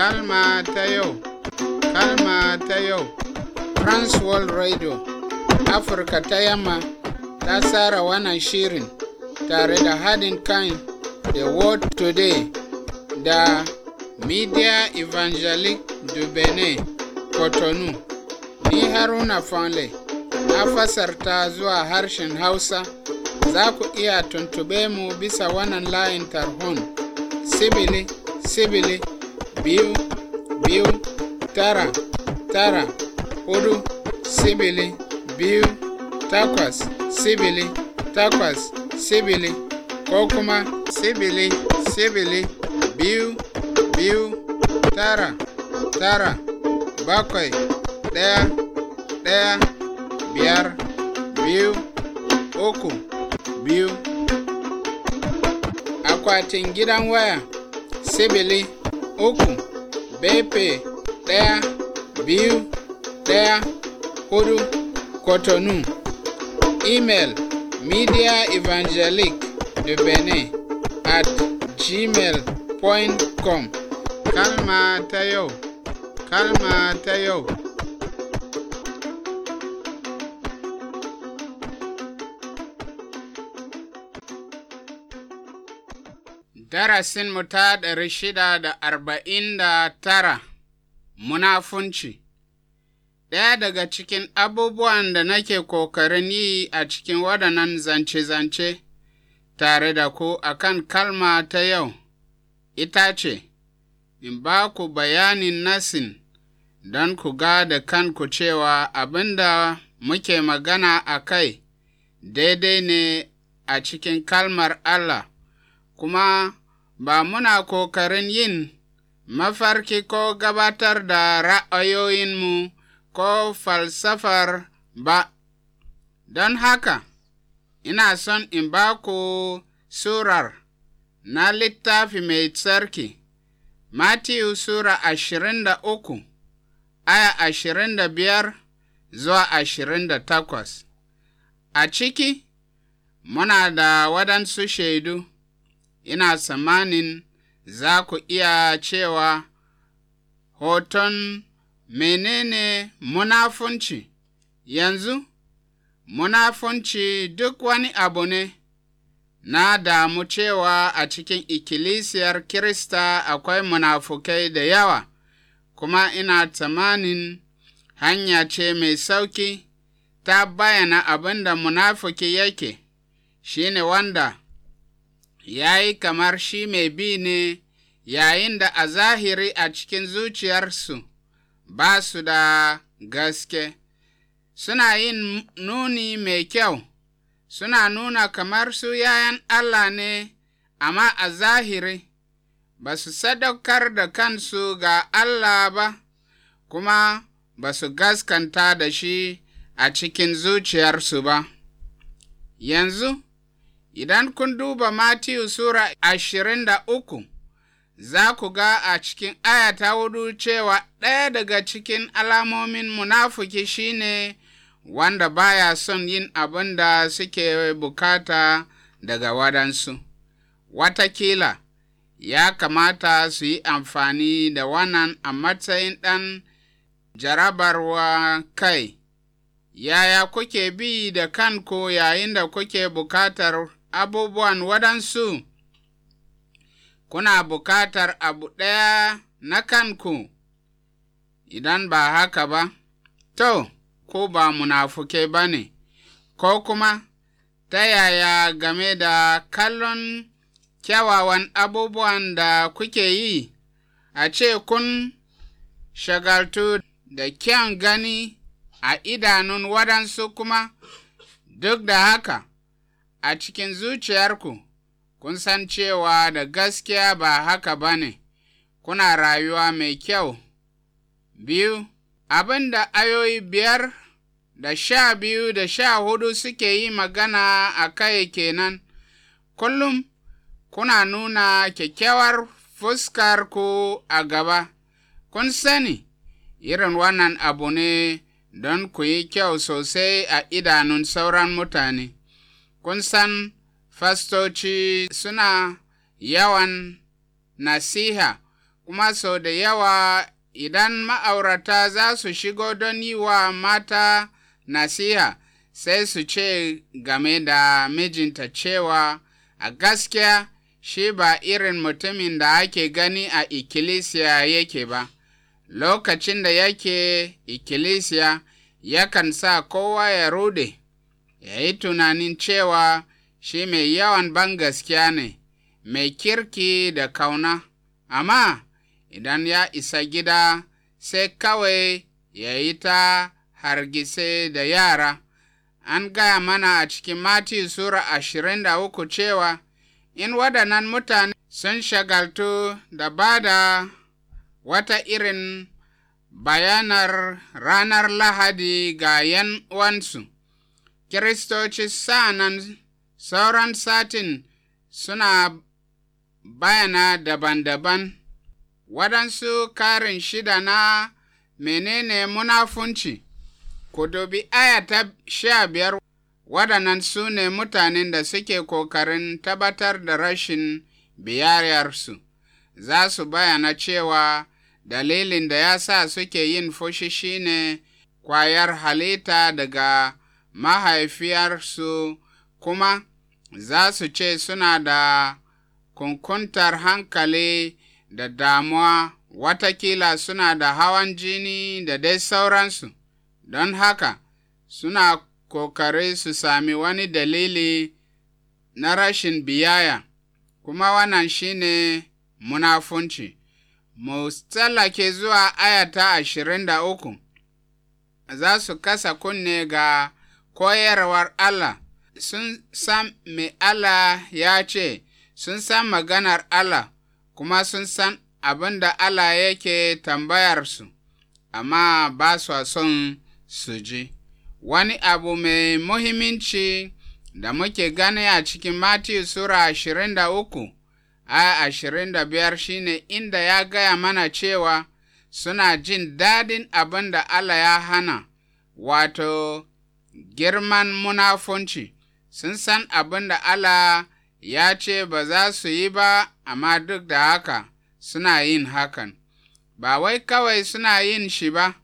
Kalma ta yau. Kalma ta yau. France World Radio Afirka ta Yamma ta tsara wannan shirin tare da haɗin kan The World Today da Media evangelic du Benin Cotonou. Ni Haruna Fanle na fasarta zuwa harshen Hausa za ku iya tuntube mu bisa wannan layin tarhon. Sibili, sibili. biyu biyu tara tara hudu sibili biyu takwas sibili takwas sibili ko kuma sibili sibili biyu biyu tara tara bakwai ɗaya ɗaya biyar biyu uku biyu akwatin gidan waya sibili uku bepe ɗaya biyu ɗaya hudu kotonu email media at gmail.com kalma ta yau kalma ta yau mu ta ɗari shida da arba'in da tara Munafunci Ɗaya daga cikin abubuwan da nake ƙoƙarin yi a cikin waɗannan zance-zance tare da ku a kan kalma ta yau, ita ce, in ba ku bayanin nasin don ku ga da kanku cewa abin da muke magana a kai daidai ne a cikin kalmar Allah, kuma ba muna kokarin yin mafarki ko gabatar da ra'ayoyinmu ko falsafar ba, don haka ina son in ba ku surar na littafi mai tsarki, Matiyu Sura ashirin da uku, aya ashirin da biyar zuwa ashirin da takwas. A ciki, muna da waɗansu shaidu. ina tsammanin za ku iya cewa hoton menene munafunci yanzu munafunci duk wani abu ne na damu cewa a cikin ikkilisiyar kirista akwai munafukai da yawa kuma ina tsammanin hanya ce mai sauki ta bayyana abin da munafuki yake ne wanda ya yi kamar shi mai bi ne yayin da a zahiri a cikin zuciyarsu ba su da gaske, suna yin nuni mai kyau, suna nuna kamar su yayan Allah ne, amma a zahiri ba su sadaukar da kansu ga Allah ba, kuma ba su gaskanta da shi a cikin zuciyarsu ba. Yanzu, Idan kun duba Matiyu Sura ashirin da uku, za ku ga a cikin aya ta hudu cewa ɗaya daga cikin alamomin munafuki shine wanda baya son yin abin da suke bukata daga wadansu. Watakila, ya kamata su yi amfani da wannan a matsayin ɗan jarabarwa kai, yaya kuke bi da kanku yayin da kuke bukatar abubuwan wadansu kuna bukatar abu ɗaya na kanku, idan ba haka ba, to, ko ba munafuke ba ne, ko kuma ta yaya game da kallon kyawawan abubuwan da kuke yi, a ce kun shagaltu da kyan gani a idanun wadansu kuma, duk da haka. a cikin zuciyarku, kun san cewa da gaskiya ba haka ba ne, kuna rayuwa mai kyau. Biyu, abin da ayoyi biyar da sha biyu da sha hudu suke yi magana a kai kenan, kullum kuna nuna kyakkyawar fuskarku a gaba, kun sani, irin wannan abu ne don ku yi kyau sosai a idanun sauran mutane. Kun san fastoci suna yawan nasiha, kuma sau da yawa idan ma'aurata za su shigo don yi wa mata nasiha, sai su ce game da mijinta cewa a gaskiya shi ba irin mutumin da ake gani a ikkilisiya yake ba, lokacin da yake ikkilisiya yakan sa kowa ya rude. Yayi tunanin cewa shi mai yawan ban gaskiya ne, mai kirki da kauna, amma idan ya isa gida sai kawai ya yi ta hargise da yara. An gaya mana a cikin Mati Sura ashirin da uku cewa, In waɗannan mutane sun shagaltu da ba da wata irin bayanar ranar Lahadi ga ‘yan uwansu’. Kiristoci sanan sauran satin suna bayana daban-daban, waɗansu karin shida na menene munafunci, ku dubi aya ta sha biyar waɗannan su ne mutanen da suke ƙoƙarin tabbatar da rashin biyayyarsu, za su bayana cewa dalilin da ya sa suke yin fushi shine kwayar halitta daga mahaifiyarsu kuma za su ce suna da kunkuntar hankali da damuwa watakila suna da hawan jini da dai sauransu don haka suna kokari su sami wani dalili na rashin biyaya kuma wannan shine munafunci mu tsallake zuwa ayata ashirin da uku za su kasa kunne ga koyarwar Allah, sun san me Allah ya ce, sun san maganar Allah, kuma sun san abin da Allah yake tambayarsu, amma ba su son su ji. Wani abu mai muhimmanci da muke gani a cikin Matiyu Sura ashirin da uku, a ashirin da biyar shine inda ya gaya mana cewa suna jin dadin abin da Allah ya hana, wato girman munafunci sun san abin da Allah ya ce ba za su yi ba amma duk da haka suna yin hakan ba wai kawai suna yin shi ba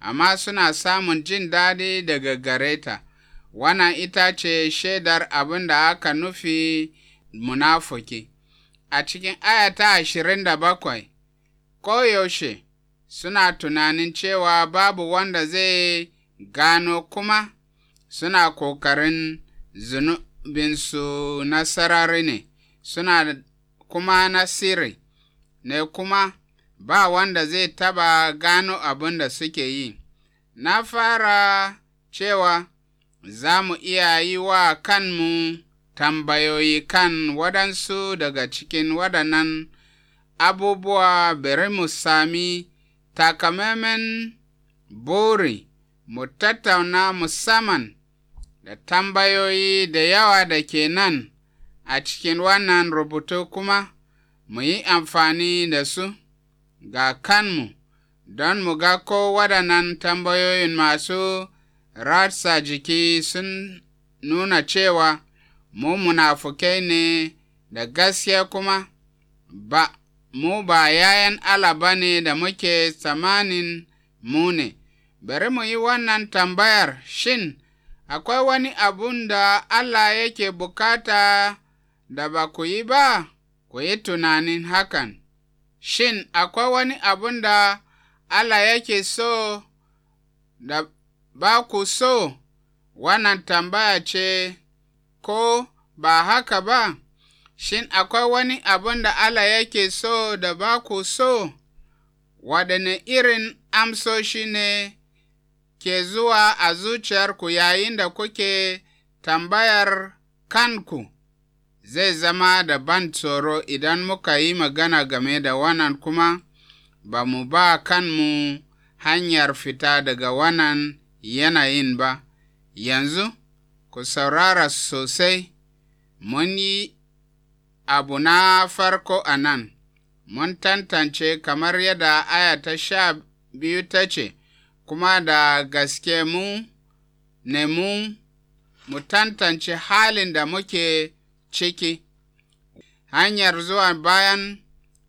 amma suna samun jin daɗi daga gare ta wannan ita ce shaidar abin da aka nufi munafuki a cikin ayata ashirin da bakwai koyaushe suna tunanin cewa babu wanda zai gano kuma suna kokarin zunubinsu na sarari ne, suna kuma na sirri, ne kuma ba wanda zai taba gano abin da suke yi. Na fara cewa za mu iya yi wa kanmu tambayoyi kan waɗansu daga cikin waɗannan abubuwa bari mu sami takamaiman buri mu tattauna musamman da tambayoyi da yawa da ke nan a cikin wannan rubutu kuma mu yi amfani da su ga kanmu don mu ga ko waɗannan tambayoyin masu ratsa jiki sun nuna cewa mu munafukai ne da gaskiya kuma ba mu ba yayan Allah ba ne da muke tsamanin mu ne, bari mu yi wannan tambayar shin akwai wani abun da Allah yake bukata da ba ku yi ba, ku yi tunanin hakan, shin akwai wani abun da Allah yake so da ba ku so, wannan tambaya ce, ko ba haka ba, shin akwai wani abun da Allah yake so da ba ku so, waɗanne irin amsoshi ne ke zuwa a zuciyarku yayin da kuke tambayar kanku, zai zama da ban tsoro idan muka yi magana game da wannan kuma ba mu ba kanmu hanyar fita daga wannan yanayin ba. Yanzu, ku saurara sosai, mun yi abu na farko a nan, mun tantance kamar yadda aya ta sha biyu ta ce, kuma da gaske mu nemu mu tantance halin da muke ciki, hanyar zuwa bayan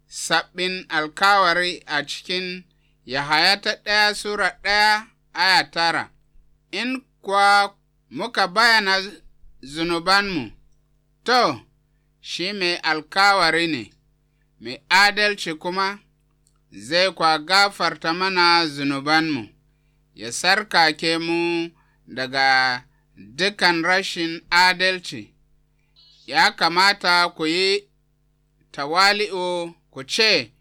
sabbin alkawari a cikin Yahaya ta ɗaya Sura ɗaya aya tara, in kuwa muka bayana zunubanmu, to, shi mai alkawari ne, mai adalci kuma zai kwa gafarta mana zunubanmu. ya sarkake mu daga dukan rashin adalci, ya kamata ku yi tawali'u ku ce,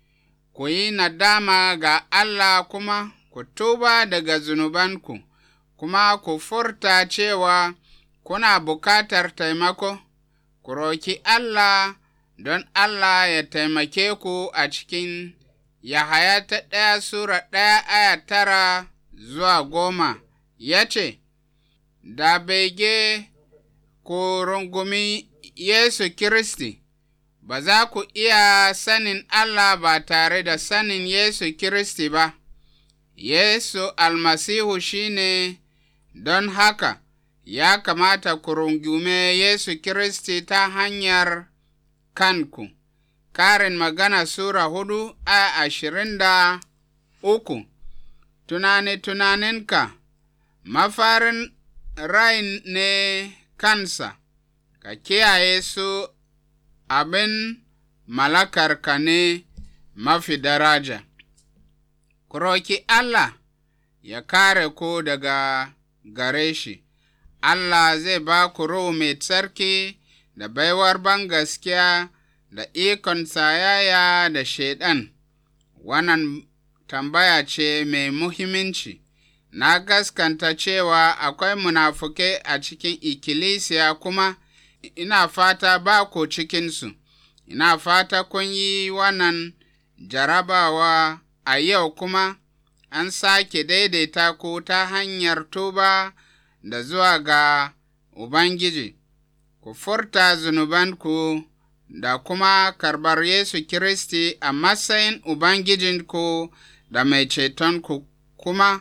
ku yi nadama ga Allah kuma ku tuba daga zunubanku, kuma ku furta cewa kuna bukatar taimako, ku roki Allah don Allah ya taimake ku a cikin ya hayata ɗaya Sura ɗaya aya tara zuwa goma ya ce, Da bege ku rungumi Yesu Kiristi, ba za ku iya sanin Allah ba tare da sanin Yesu Kiristi ba, Yesu almasihu shine don haka ya kamata ku rungume Yesu Kiristi ta hanyar kanku. Karin magana Sura hudu a ashirin da uku. tunani-tunanin ka mafarin rai ne kansa, ka kiyaye su abin malakar ka ne mafi daraja. Kuroki Allah ya kare ku daga gare shi, Allah zai ba ku ruhu mai tsarki da baiwar gaskiya da ikon tsayaya da shaidan wannan tambaya ce mai muhimmanci. Na gaskanta cewa akwai munafukai a cikin ikkilisiya kuma ina fata ba ku cikinsu, ina fata kun yi wannan jarabawa a yau kuma an sake daidaita ku ta hanyar tuba da zuwa ga Ubangiji, ku furta zunubanku da kuma karɓar Yesu Kiristi a matsayin Ubangijinku da mai cetonku kuma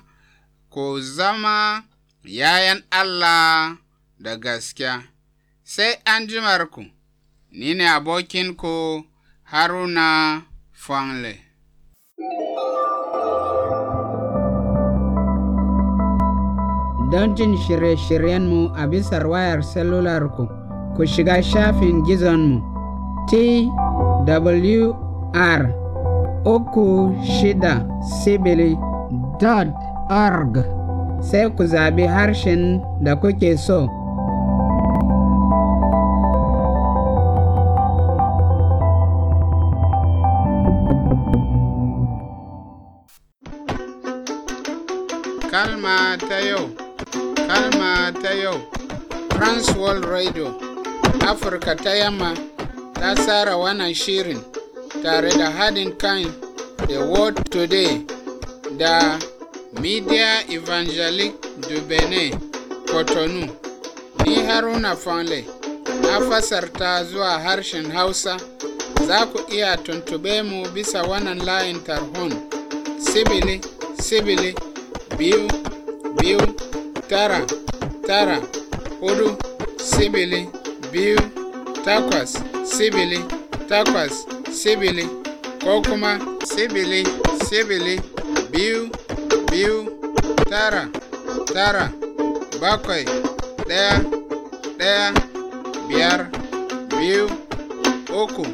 ku zama yayan Allah da gaskiya, sai an jimarku, ni ne abokinku Haruna Fanle. Don jin shirye-shiryenmu a bisar wayar ku ku shiga shafin gizonmu twr uku shida sibili dot org sai ku zaɓi harshen da kuke so. Kalma ta yau Kalma ta yau Transworld Radio Afirka ta yamma ta tsara wannan shirin. tare da haɗin kan The World Today da Media evangelic du Benin Cotonou. Ni Haruna Fanle, na fasarta zuwa harshen Hausa, za ku iya tuntube mu bisa wannan layin tarhon sibili sibili biyu biyu tara tara hudu sibili biyu takwas sibili takwas sibili ko kuma sibili sibili biyu biyu tara tara bakwai ɗaya ɗaya biyar biyu uku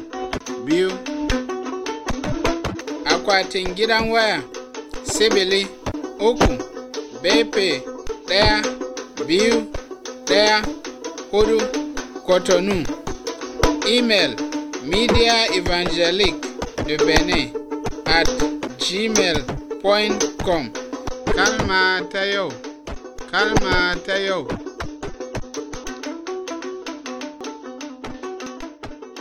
biyu akwatin gidan waya sibili uku bepe ɗaya biyu ɗaya hudu kotonu email Media Evangelique de Benin at gmail.com. Kalma ta yau, kalma ta